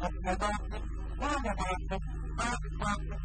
of the United States,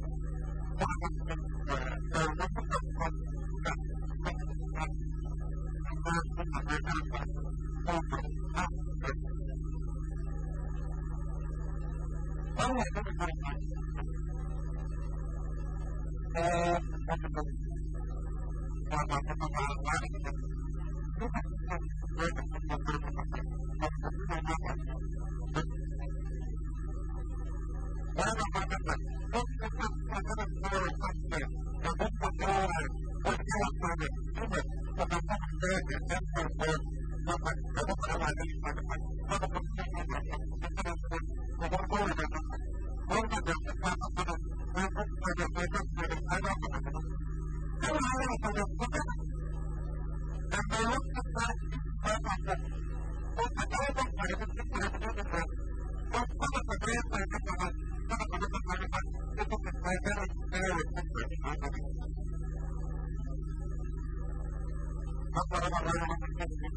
Thank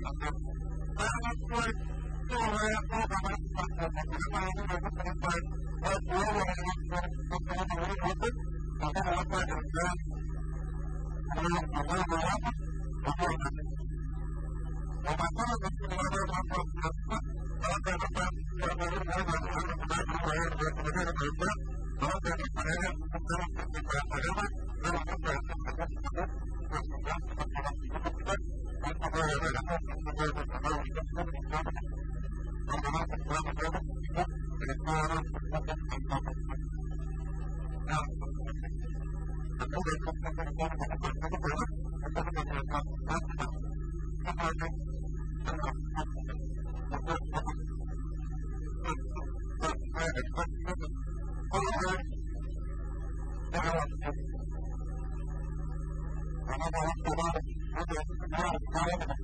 you. Thank you.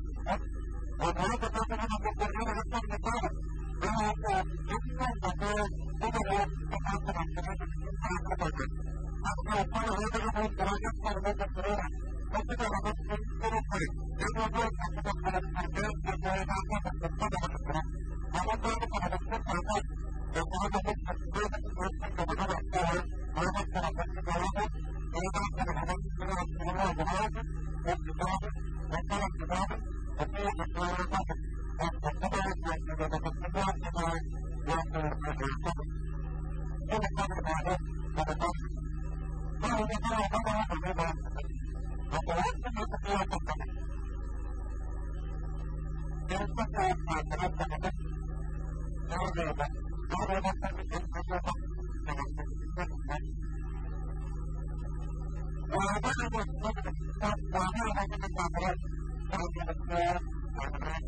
Thank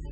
you.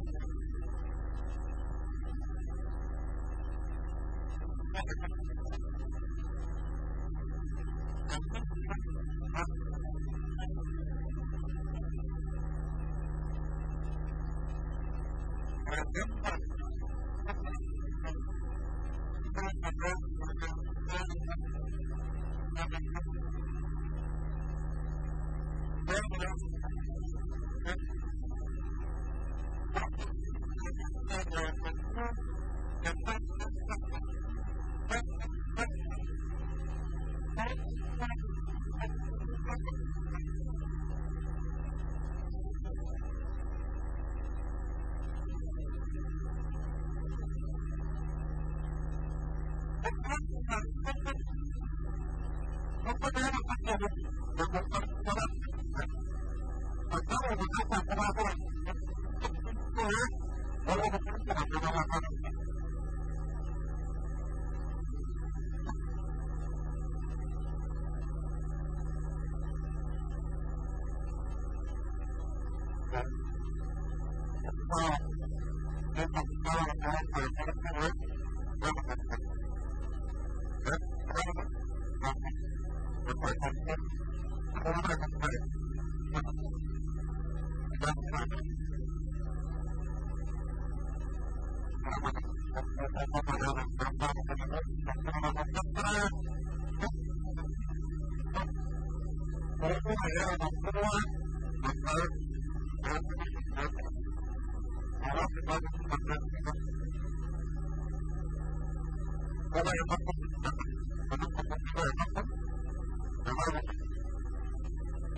Thank you.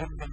everybody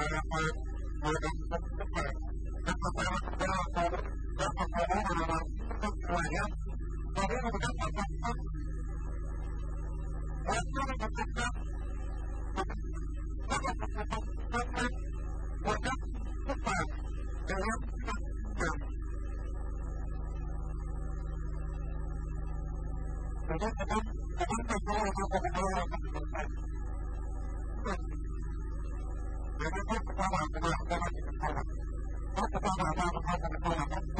our, our, our よかった。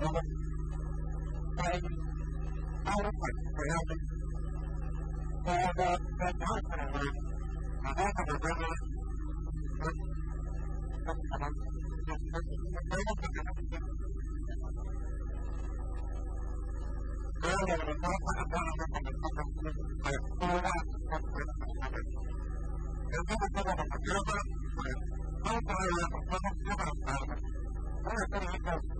number five output for helping. And uh, that document was a half of a river with some kind of Earlier, the government of government and the public by a full out of separate from others. There's never been a government by a full out of public civil government. One of the things